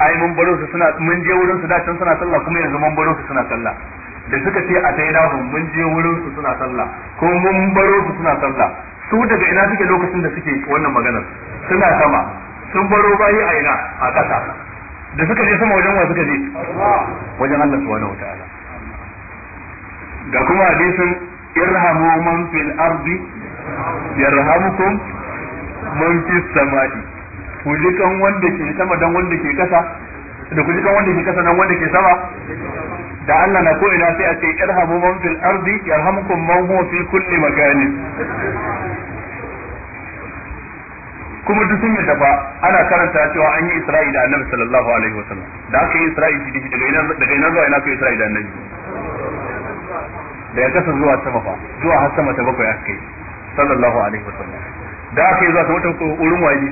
ai mun baro suna mun je wurin da can suna sallah kuma yanzu mun baro suna sallah da suka ce atainahum mun je wurin suna sallah ko mun baro su suna sallah su daga ina suke lokacin da suke wannan maganar suna sama sun baro bayi a ina a ƙasa da suka je sama wajen wa suka je wajen Allah subhanahu wataala ga kuma hadisin irhamu man fil ardi yarhamukum man fis samai ku ji kan wanda ke sama dan wanda ke kasa da ku ji kan wanda ke kasa dan wanda ke sama da Allah na ko ina sai a ce irhamu man fil ardi yarhamukum man huwa fi kulli makanin kuma duk sun yadda fa ana karanta cewa an yi isra'i da annabi sallallahu alaihi wasallam da aka yi isra'i shi daga ina daga ina zuwa ina kai isra'i da annabi da ya kasa zuwa sama fa zuwa har sama ta bakwai aka yi sallallahu alaihi wasallam da aka yi zuwa sama ta wurin waje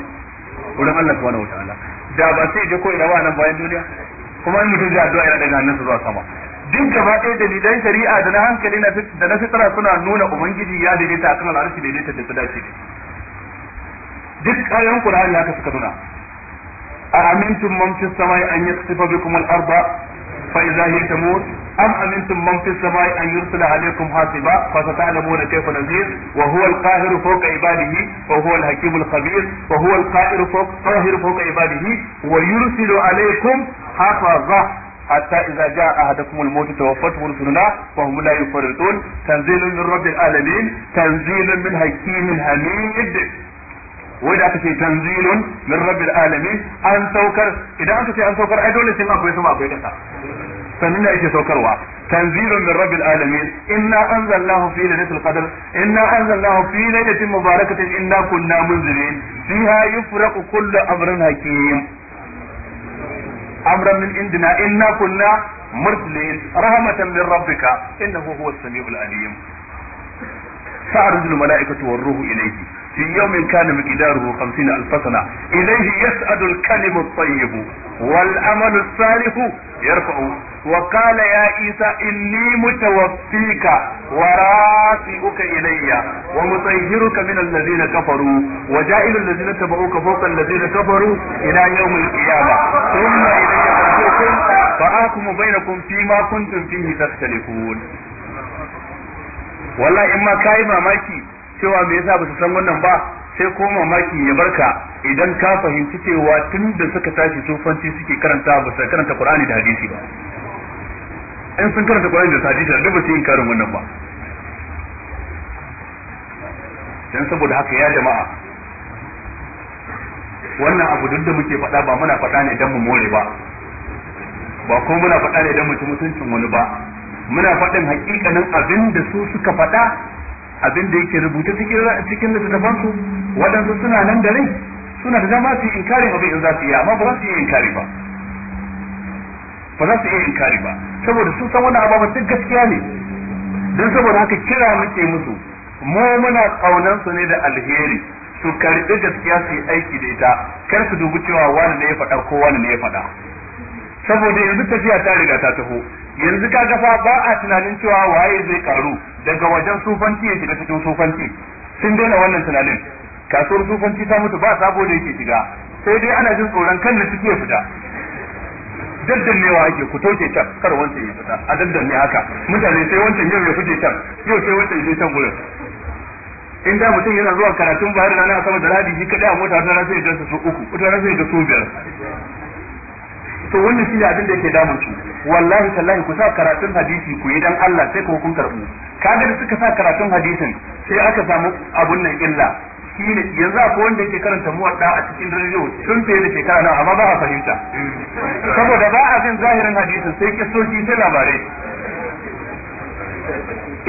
wurin Allah subhanahu wataala da ba sai je ko ina ba nan bayan duniya kuma in mutum zai addu'a yana daga annabi zuwa sama duk gaba ɗaya dalilan shari'a da na hankali da na fitara suna nuna ubangiji ya daidaita akan al'arshi daidaita da ta dace da duk ayoyin Qur'ani haka suka nuna a amintum man fis samai an yaktifa bikum al arda fa idza hiya tamut am amintum man fis samai an yursila alaykum hasiba fa sata'lamuna kayfa nazir wa huwa al qahir fawqa ibadihi wa huwa al hakim al khabir wa huwa al qahir fawqa qahir fawqa ibadihi wa yursilu alaykum hafaza حتى إذا جاء أحدكم الموت توفته رسلنا وهم لا يفرطون تنزيل من رب العالمين تنزيل من حكيم حميد wanda aka ce tanzilun min rabbil alamin an saukar idan aka ce an saukar ai dole sai akwai sama akwai kasa sannan da yake saukarwa tanzilun min rabbil alamin inna anzalnahu fi lailatul qadr inna anzalnahu fi lailatin mubarakatin inna kunna munzirin fiha yufraqu kullu amrin hakim amran min indina inna kunna mursalin rahmatan min rabbika innahu huwas samiul alim ta'rujul malaikatu war ruhu ilayhi في يوم كان مقداره خمسين ألف سنة إليه يسأل الكلم الطيب والأمل الصالح يرفع وقال يا عيسى إني متوفيك ورافئك إلي ومطهرك من الذين كفروا وجائل الذين اتبعوك فوق الذين كفروا إلى يوم القيامة ثم إلي مرجعكم فأحكم بينكم فيما كنتم فيه تختلفون والله إما كاي مامaki cewa me yasa ba su san wannan ba sai ko mamaki ya barka idan ka fahimci cewa tun da suka tashi sufanci suke karanta ba su karanta Qur'ani da hadisi ba in sun karanta Qur'ani da hadisi da ba su yin karin wannan ba dan saboda haka ya jama'a wannan abu duk da muke faɗa ba muna faɗa ne dan mu more ba ba ko muna faɗa ne dan mu mutuncin wani ba muna faɗin hakikanin abin da su suka faɗa abin da yake rubuta cikin cikin littafin su waɗansu suna nan da rai suna da dama su yi inkarin abin in za su yi amma ba za su yi inkari ba ba za su iya inkari ba saboda su san wani ababa duk gaskiya ne don saboda haka kira muke musu mu muna kaunan su ne da alheri su karbi gaskiya su yi aiki da ita kar su dubi cewa wani ne ya faɗa ko wani ne ya faɗa saboda yanzu tafiya ta riga ta taho yanzu ka gafa ba a tunanin cewa waye zai karu daga wajen sufanci ya shiga cikin sufanci sun daina wannan tunanin kasuwar sufanci ta mutu ba sabo da yake shiga sai dai ana jin tsoron kan na suke fita daddannewa ake ku toke can kar wancan ya fita a ne haka mutane sai wancan yau ya fita can yau sai wancan ya can gurin in da mutum yana zuwa karatun bahar na a sama da rabi shi kadai a mota ta rasa ya su uku ta rasa ya su biyar to wannan shine abin da yake damun su wallahi tallahi ku sa karatun hadisi ku yi dan Allah sai ku kun karbu kaga da suka sa karatun hadisin sai aka samu abun nan illa shine yanzu akwai wanda yake karanta muwadda a cikin radio tun fiye da shekara nan amma ba a fahimta saboda ba a jin zahirin hadisin sai kisoshi sai labarai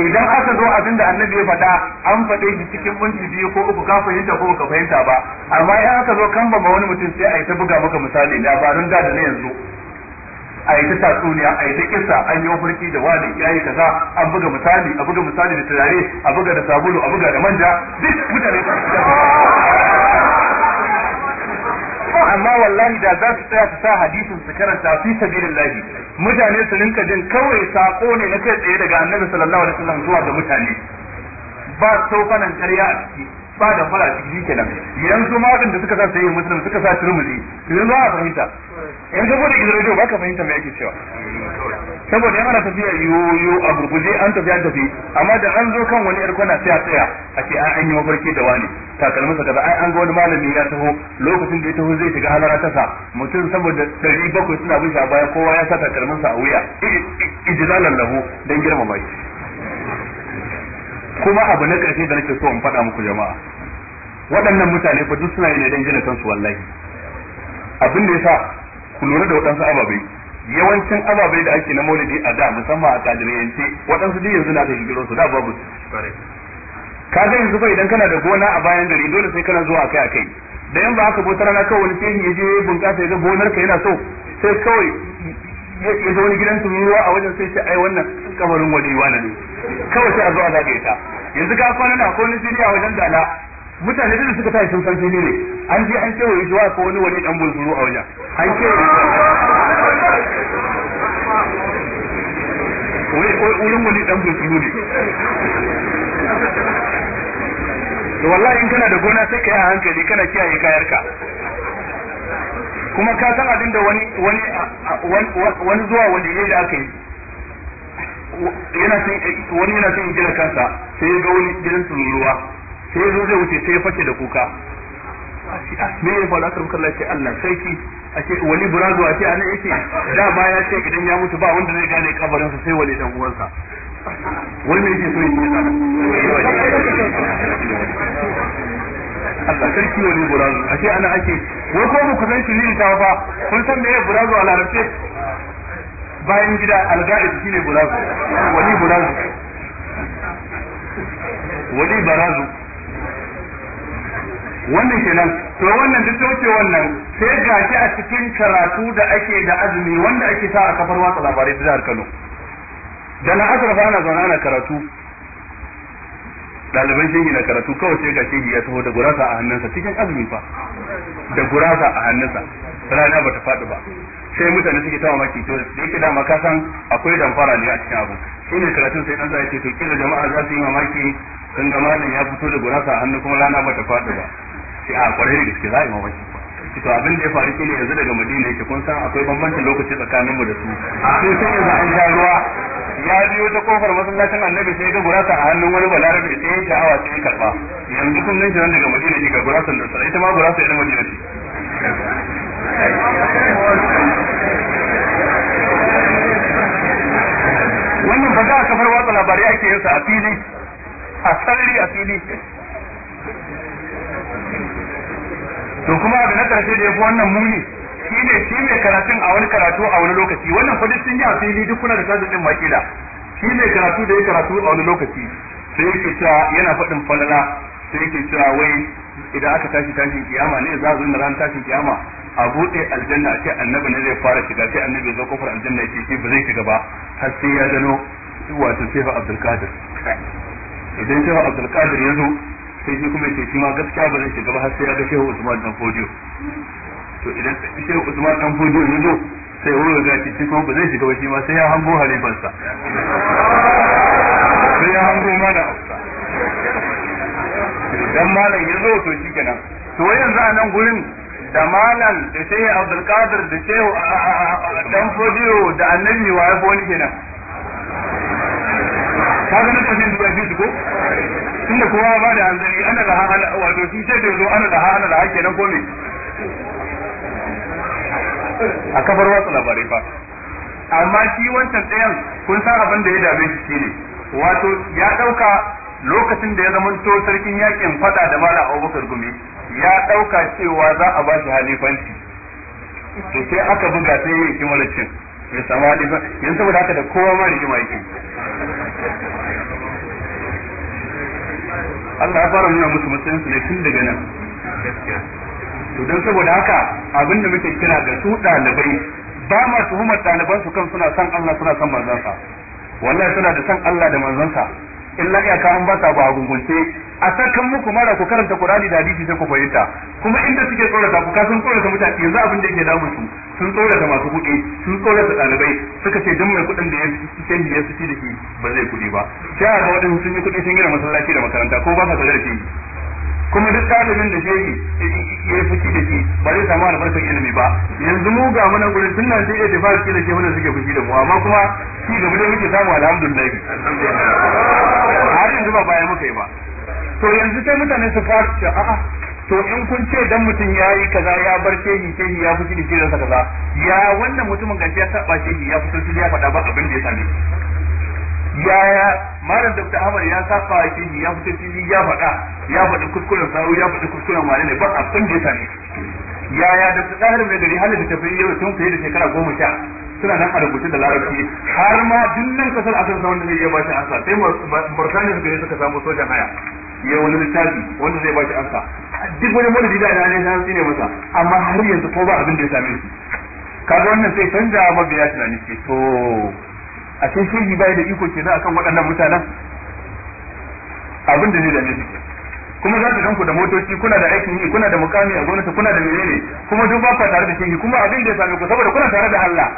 idan aka zo abin da annabi ya faɗa an faɗe shi cikin minti biyu ko uku ka fahimta ko ka fahimta ba amma idan aka zo kan ba wani mutum sai a yi ta buga maka misali labarin da da na yanzu a yi ta tatsuniya a yi ta kisa an yi mafarki da wani ya yi kaza a buga misali a buga misali da turare a buga da sabulu a buga da manja duk mutane da amma wallahi da za su tsaya su sa hadisin su karanta fi sabilillahi mutane su rinka jin kawai sako ne na kai tsaye daga annabi sallallahu alaihi wasallam zuwa ga mutane ba tsofanan ƙarya a ciki ba da fara a ciki kenan yanzu ma waɗanda suka sa sai muslim suka sa turmuzi yanzu ba a fahimta yanzu ko da gidan ba ka fahimta me yake cewa saboda yana ana tafiya yoyo a gurguje an tafi an tafi amma da an zo kan wani irkona tsaya tsaya ake ce an yi mafarki da wani takalmin sa kaza ai an ga wani malami ya taho lokacin da ya taho zai shiga halara tasa mutum saboda dari bakwai suna bin shi baya kowa ya sa takalmin sa a wuya ijilalan lahu dan girmama shi kuma abu na ƙarshe da nake so in faɗa muku jama'a waɗannan mutane fa duk suna yi ne dan gina kansu wallahi abin da yasa ku lura da waɗansu ababai yawancin ababai da ake na maulidi a da musamman a kadiriyance waɗansu duk yanzu na ka shigiro su da babu su. ka ga yanzu idan kana da gona a bayan gari dole sai kana zuwa kai-a kai da yan ba haka bota rana kawai wani shehi ya je ya bunƙasa ya ga gonar ka yana so sai kawai ya zo wani gidan tururuwa a wajen sai ce ai wannan kamarin wani na ne kawai sai a zo a zaɓe ta yanzu ka kwana na ko wani fili a wajen dala mutane da suka tashi sun san fili ne an je an kewaye zuwa ko wani wani dan bunsuru a wajen an kewaye wai wurin wani dan bukiyu ne to wallahi in kana da gona sai ka yi a hankali kana kiyaye kayarka kuma ka san abin da wani wani wani zuwa wani da aka yi yana son wani yana son gina kansa sai ya ga wani gidan tururuwa sai ya zo zai wuce sai ya fashe da kuka me ya faru aka Allah sai Allah sarki Ake wani wali burazo a ce ana yake da ba ya ce idan ya mutu ba wanda zai gane kabarinsa sai wali dan uwansa wani mai yake so yi Allah sarki wali burazo a ce ana ake wai ko ku san shi ta ba kun san me burazo a larabce bayan gida alga'id shine burazu wali burazu wali barazu wannan kenan to wannan duk sauke wannan sai ga shi a cikin karatu da ake da azumi wanda ake sa a kafar watsa labarai ta jihar Kano da na asar fa na zaune ana karatu ɗaliban shehi na karatu kawai sai ga shehi ya taho da gurasa a hannunsa cikin azumi fa da gurasa a hannunsa rana ba ta faɗi ba sai mutane suke tawa maki to da yake dama ka san akwai damfara ne a cikin abu shine karatun sai dan zai ce to kila jama'a za su yi mamaki sun gama ya fito da gurasa a hannu kuma rana ba ta faɗi ba sai a kwarai gaske za a yi mamaki to abin da ya faru shine yanzu daga madina yake kun san akwai bambancin lokaci tsakanin mu da su sun san yanzu an sha ruwa ya biyo ta kofar masallacin annabi sai ga gurasa a hannun wani da sai ya sha'awa sai ya karba yanzu kun nan daga madina ne ga gurasan da sai ita ma gurasa ina madina ce wannan ba za a kafar watsa labarai ake yin sa a fili a sarari a fili to kuma abu na karshe da yafi wannan muni ne shi mai karatun a wani karatu a wani lokaci wannan fa duk sun yi asiri duk kuna da kaza din makila shi mai karatu da ya karatu a wani lokaci sai yake cewa yana faɗin falala sai yake cewa wai idan aka tashi tashin kiyama ne za a zo ran tashin kiyama a buɗe aljanna a ce annabi ne zai fara shiga sai annabi zo kofar aljanna yake shi ba zai shiga ba har sai ya gano wato shehu abdulkadir idan shehu abdulkadir ya zo sai shi kuma ce shi ma gaskiya ba zai shiga ba har sai ya ga shehu usman dan fodiyo to idan shehu usman dan fodiyo ya zo sai wuri ga shi kuma ba zai shiga ba shi ma sai ya hango sa sai ya hango mana dan malam ya zo to kenan to yanzu a nan gurin da malam da shehu abdulkadir da shehu dan fodiyo da annabi wa ya fi wani kenan Ka ga kashin duwa fi su ko tunda kowa ba da hanzari ana da hala wato shi sai da zo ana da hala da hake nan a kafar wasu labarai ba. amma shi wancan ɗayan kun san abin da ya dame shi ne, wato ya ɗauka lokacin da ya zamanto sarkin yakin fada da mala abubakar gumi ya ɗauka cewa za a ba shi halifanci to sai aka buga sai ya yi cin ya samu halifan yanzu saboda haka da kowa ma rigima yake Allah ya fara nuna musu matsayin su ne tun daga nan to don saboda haka abin da muke kira ga su ɗalibai ba ma tuhumar ɗaliban su kan suna san Allah suna san manzansa wallahi suna da san Allah da manzansa illa iyaka ba ta ba a gungunce a sakan muku mara ku karanta Qur'ani da hadisi sai ku fahimta kuma inda suke tsorata ku kasan tsorata mutane yanzu abin da yake damu su sun tsorata masu kuɗi sun tsorata ɗalibai suka ce dan mai kuɗin da ya sai ya su da shi ba zai kuɗi ba sai ga wadannan sun yi kuɗi sun gina masallaci da makaranta ko ba sa da shi kuma duk ɗalibin da shehi ya yi fushi da shi ba zai samu albarkar ilimi ba yanzu mu ga muna gurin tun nan sai ya tafi shi da shi da suke fushi da mu amma kuma shi gaba da muke samu alhamdulillah har yanzu ba bayan muka yi ba to yanzu sai mutane su fara ce a'a to in kun ce dan mutum ya yi kaza ya bar shehi shehi ya fi shi da kaza ya wannan mutumin gashi ya saba shehi ya fito shi ya faɗa ba abin da ya same yaya malam dr ahmad ya saba shehi ya fito shi ya faɗa ya faɗi kuskuren sawu ya faɗi kuskuren wane ne ba abin da ya same yaya da tsarin mai gari halin da tafi yau tun fiye da shekara goma sha suna nan a rubuce da larabci har ma duk nan kasar kan sa wanda zai iya ba shi asa sai barkani suka je suka samu sojan haya ya wani littafi wanda zai bashi ansa duk wani maulidi da ana ne sai ne masa amma har yanzu ko ba abin da ya same shi kaga wannan sai canza ya tunani ce to a sai shehi bai da iko kenan kan waɗannan mutanen abin da zai dame su kuma za su ganku da motoci kuna da aikin yi kuna da mukami a gwamnati kuna da menene kuma duk ba tare da shehi kuma abin da ya same ku saboda kuna tare da Allah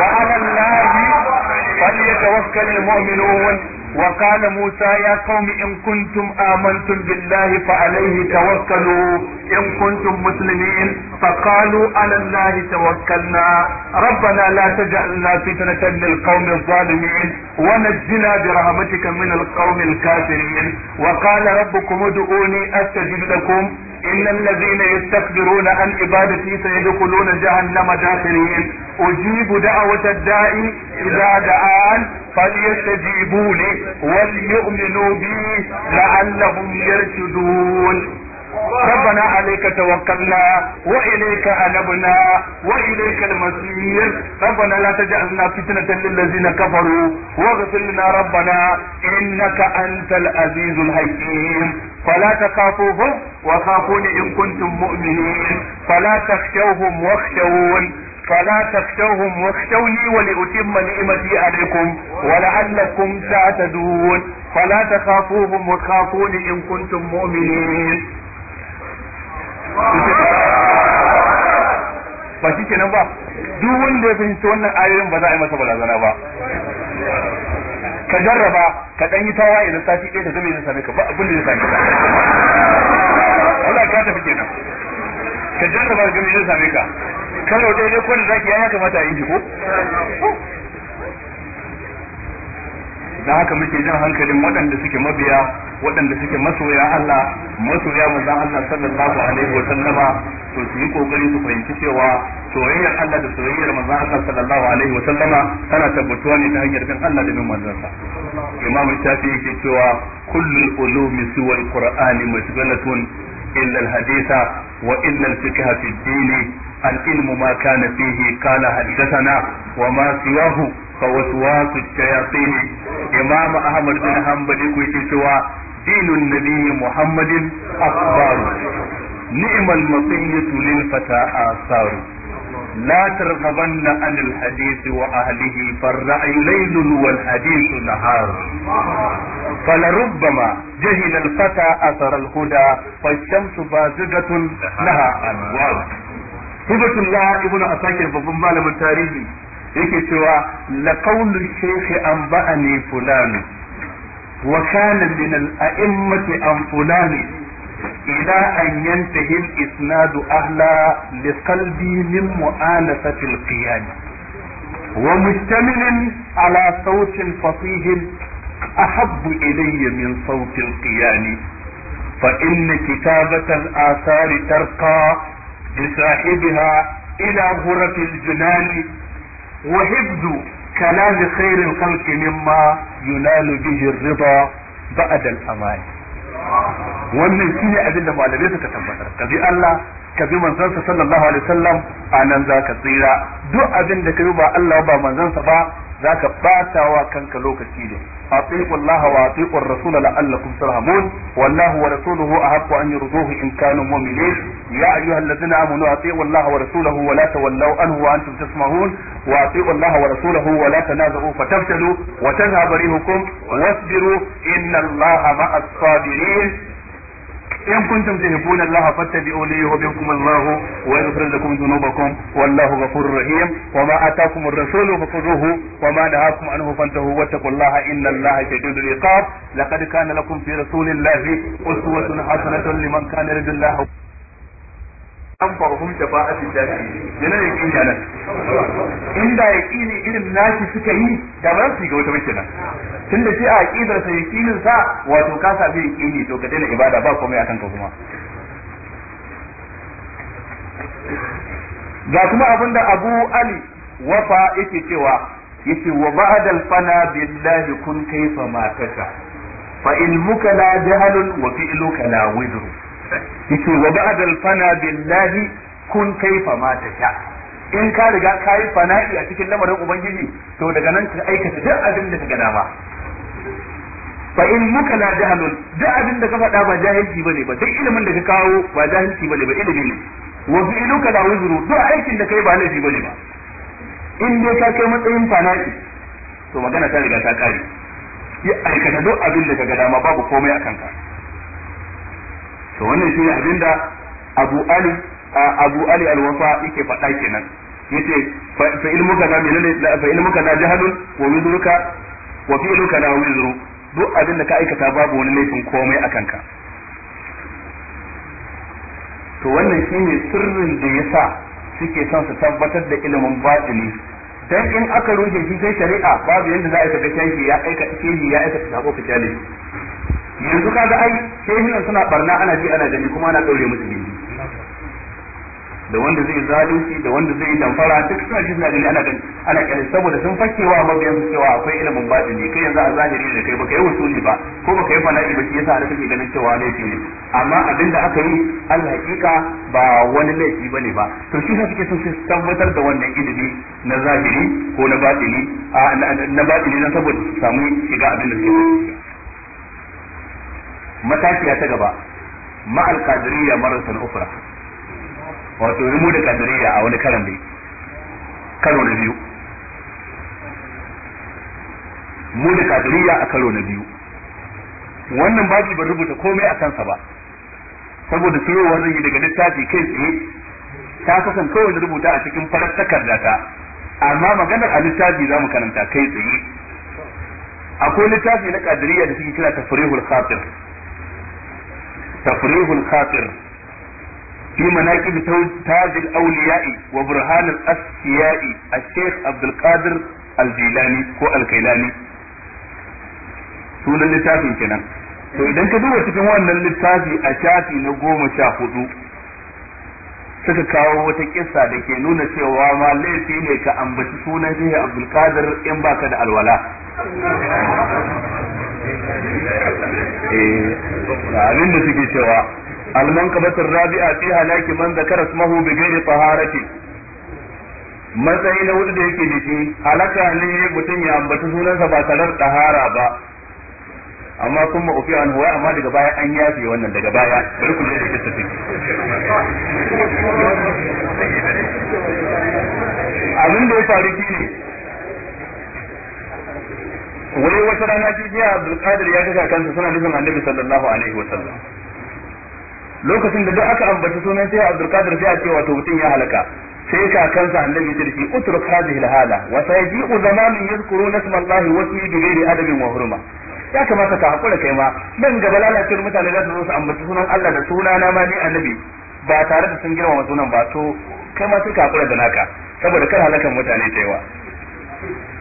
wa alallahi fa falyatawakkalul mu'minun وقال موسى يا قوم إن كنتم آمنتم بالله فعليه توكلوا إن كنتم مسلمين فقالوا على الله توكلنا ربنا لا تجعلنا فتنة للقوم الظالمين ونجنا برحمتك من القوم الكافرين وقال ربكم ادعوني أستجب لكم إن الذين يستكبرون عن عبادتي سيدخلون جهنم داخلين أجيب دعوة الداعي إذا دعان فليستجيبوا لي وليؤمنوا بي لعلهم يرشدون ربنا عليك توكلنا وإليك أنبنا وإليك المصير ربنا لا تجعلنا فتنة للذين كفروا واغفر لنا ربنا إنك أنت العزيز الحكيم فلا تخافوهم وخافوني إن كنتم مؤمنين فلا تخشوهم واخشون فلا تخشوهم واخشوني ولأتم نعمتي عليكم ولعلكم تعتدون فلا تخافوهم وخافون إن كنتم مؤمنين ba ke nan ba duk wanda ya fahimci wannan ayoyin ba za a yi masa barazana ba ka jarraba ka ɗan yi tawa idan sati ɗaya da zama yi same ka ba abin da ya sami ka Allah ka tafi ke nan. ka jarraba da zama zai same ka karo ɗaya ne ko da zaki ya kamata a yi ko da haka muke jan hankalin waɗanda suke mabiya waɗanda suke masoya Allah masoya manzon Allah sallallahu alaihi wa sallama to su yi kokari su fahimci cewa soyayyar Allah da soyayyar manzon Allah sallallahu alaihi wa sallama tana tabbatuwa ne ta hanyar bin Allah da bin manzon sa Imam Shafi yake cewa kullul ulumi suwa al-Qur'ani masghalatun illa al hadisa wa illa al-fiqha fi ad-din العلم ما كان فيه قال حدثنا وما سواه فوسواس الشياطين إمام أحمد بن حنبل كويت سوى دين النبي محمد أخبار نعم المطية للفتى آثار لا ترغبن عن الحديث وأهله فالرأي ليل والحديث نهار فلربما جهل الفتى أثر الهدى فالشمس بازغة لها أنوار hibatullah ibnu asakir babban malamin tarihi yake cewa la qawlu shaykhi an ba'ani fulani wa kana min al a'immati an fulani ila an yantahi al ahla li qalbi min mu'anasati al qiyam wa mustamilin ala sautin fasihin أحب إلي من صوت القيان فإن كتابة asari tarka. بصاحبها إلى غرف الجنان وحفظ كلام خير الخلق مما ينال به الرضا بعد الأمان wannan shi ne abin da malamai suka tabbatar ka bi Allah ka bi manzansa sallallahu alaihi wasallam a nan za ka tsira duk abin da ka bi ba Allah ba manzansa ba zaka bata wa kanka lokaci ne atiqu Allah wa atiqu ar-rasul la'allakum wallahu wa rasuluhu an yurduhu in kanu mu'minin ya ayyuhalladhina amanu atiqu Allah wa rasulahu wa la tawallaw anhu wa antum tasma'un wa atiqu wa rasulahu wa la fatafshalu wa tadhhabu rihukum wasbiru inna ma'as sabirin in kuntum tuhibbuna Allah fattabi'uni yuhibbukum Allah wa yaghfir lakum dhunubakum wallahu ghafurur rahim wa ma ataakum ar-rasulu faquduhu wa ma nahakum anhu fantahu wattaqullaha inna Allah shadidul iqab laqad kana lakum fi rasulillahi uswatun hasanatun liman kana yarju Allah tanfa'uhum da shafi'in yana ne kin yana inda yaqini irin naki suka yi da ba su ga wata mace nan tunda shi a aqidar sa yaqinin sa wato ka sa bi yaqini to ka daina ibada ba komai akan ka kuma ga kuma abinda Abu Ali wafa yake cewa yake wa ba'dal fana billahi kun kaifa ma tasha fa ilmuka la jahalun wa fi'luka la wizru yake wa ba'dal fana billahi kun kaifa ma sha. in ka riga ka yi fana'i a cikin lamarin ubangiji to daga nan ka aikata duk abin da kaga dama fa in muka la jahalun duk abin da ka faɗa ba jahilci bane ba duk ilimin da ka kawo ba jahilci bane ba ilimi ne wa iluka la wuzuru duk aikin da kai ba laifi bane ba in dai ka kai matsayin fana'i to magana ta riga ta kare ya aikata duk abin da kaga ga dama babu komai akan kanka. to wannan shine abinda Abu Ali Abu Ali al-Wafa yake faɗa kenan yace fa ilmuka na menene fa ilmuka na jahalun wa wizruka wa fi'luka na wizru duk abin da ka aikata babu wani laifin komai a kanka to wannan shine sirrin da yasa suke son su tabbatar da ilimin batini dan in aka rushe shi sai shari'a babu yanda za a aikata shi ya aikata shi ya aikata sako ka yanzu kaga ai shehunan suna barna ana ji ana gani kuma ana daure musu gindi da wanda zai zalunci da wanda zai damfara duk suna ji suna gani ana gani ana kare saboda sun fakewa mabiyan su cewa akwai ilimin ne kai yanzu a zahiri ne kai baka yi wasuli ba ko baka yi fana'i ba shi yasa ana kake ganin cewa laifi ne amma abin da aka yi al hakika ba wani laifi bane ba to shi yasa suke son su tabbatar da wannan ilimi na zahiri ko na batini na batini na saboda su samu shiga abin suke matashiya ta gaba ma'al qadiriyya marasan ukra wato mu da qadiriyya a wani karan dai karo na biyu mu da qadiriyya a karo na biyu wannan babu ban rubuta komai a kansa ba saboda tsirowa zan yi daga littafi kai tsaye ta kasan kawai rubuta a cikin farar takarda ta amma maganar a littafi za mu karanta kai tsaye akwai littafi na kadiriyya da suke kira ta tafrihul khatir tafrihul khatir في مناكب تاج الأولياء وبرهان الأسياء الشيخ عبد القادر الجيلاني كو الكيلاني sunan littafin kenan to idan ka duba cikin wannan littafi a shafi na goma sha hudu suka kawo wata kissa da ke nuna cewa ma laifi ne ka ambaci sunan shehu abdulkadir in baka da alwala eh abin da suke cewa almanqabatur rabi'a fi halaki man zakara ismahu bi ghairi taharati matsayi na wuta da yake da shi halaka ne mutum ya ambaci sunansa ba tare da tahara ba amma kun ma'ufi ufi amma daga baya an yafe wannan daga baya bari ku da kissa abin da ya faru shi ne. wai wata rana jijiya abdulkadir ya kashe kansa suna nufin annabi sallallahu alaihi wa sallam lokacin da duk aka ambaci sunan sai abdulkadir sai a ce wato mutum ya halaka sai kakansa annabi ta dace utruk hadhihi alhala wa sayaji'u zamanun yadhkuruna na Allah wa ismi bi ghairi adabin wa hurma ya kamata ka hakura kai ma nan gaba lalacewar mutane za su zo su ambaci sunan Allah da na ma ni annabi ba tare da sun girmama sunan ba to kai ma sai ka hakura da naka saboda kar halakan mutane ta yawa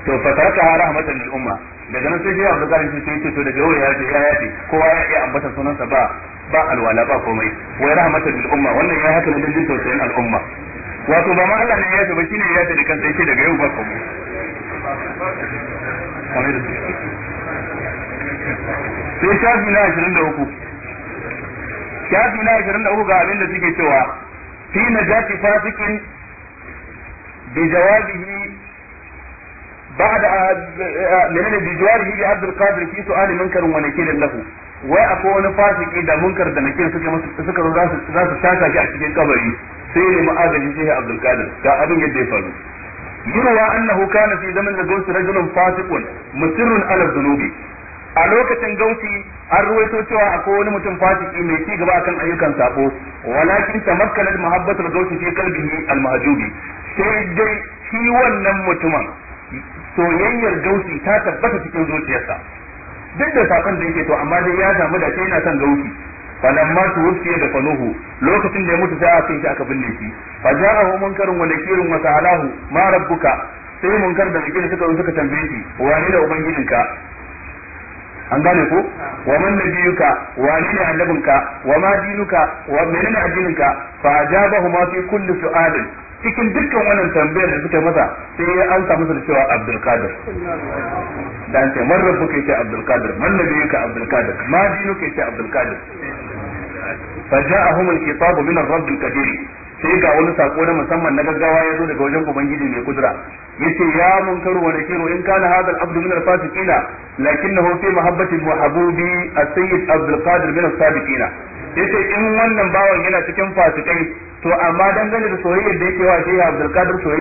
to fataraka rahmatan lil umma daga nan sai ya abu zakarin sai ce to daga yau ya ce ya yafi kowa ya iya ambata sunansa ba ba alwala ba komai wai rahmatul lil umma wannan ya haka ne din tausayin al'umma wato ba ma Allah ne ya ba shine ya yafi da kansa ce daga yau ba komai sai shafi na 23 shafi na 23 ga abin da suke cewa fi najati fasikin bi jawabihi ba'a بعد menene bijuwarihi bi Abdul Qadir fi su'ali munkar wa da lahu wai akwai wani fasiki da munkar da nakir suka masa suka zo za su shaka shi a cikin kabari sai ne ma'azin shi Abdul Qadir da abin yadda ya faru yurwa annahu kana fi zaman da gausi rajulun fasiqun musirrun ala dhunubi a lokacin gausi an ruwaito cewa akwai wani mutum fasiki mai ci gaba akan ayyukan sako walakin tamakkanat mahabbatul gausi fi qalbihi al mahjubi sai dai shi nan mutumin soyayyar gauci ta tabbata cikin zuciyarsa duk da sakon da yake to amma dai ya damu da ke yana son gausi falamma tuwfiya da fanuhu lokacin da ya mutu sai aka yi aka binne shi fa ja'ahu munkarun wa nakirun wa sa'alahu ma rabbuka sai munkar da nakir suka suka tambaye shi wani da ubangijinka an gane ko wa man nabiyuka wa ne annabinka wa ma dinuka wa menene addininka fa ma fi kulli su'alin cikin dukkan wannan tambayar da suka masa sai ya amsa masa da cewa Abdul Qadir da an ce man rabbuka Abdul Qadir man nabiyuka Abdul Qadir ma dinuka yace Abdul Qadir فجاءهم الخطاب من الرب الكبير sai ga wani sako na musamman na gaggawa ya zo daga wajen ubangiji mai kudura yace ya munkaru wa nakiru in kana hadal abdu min al-fasiqina lakinnahu fi mahabbati muhabbubi as-sayyid abdul qadir min as-sabiqina yace in wannan bawan yana cikin fasikai to amma dangane da soyayyar da yake wa shehu abdulkadir soyayya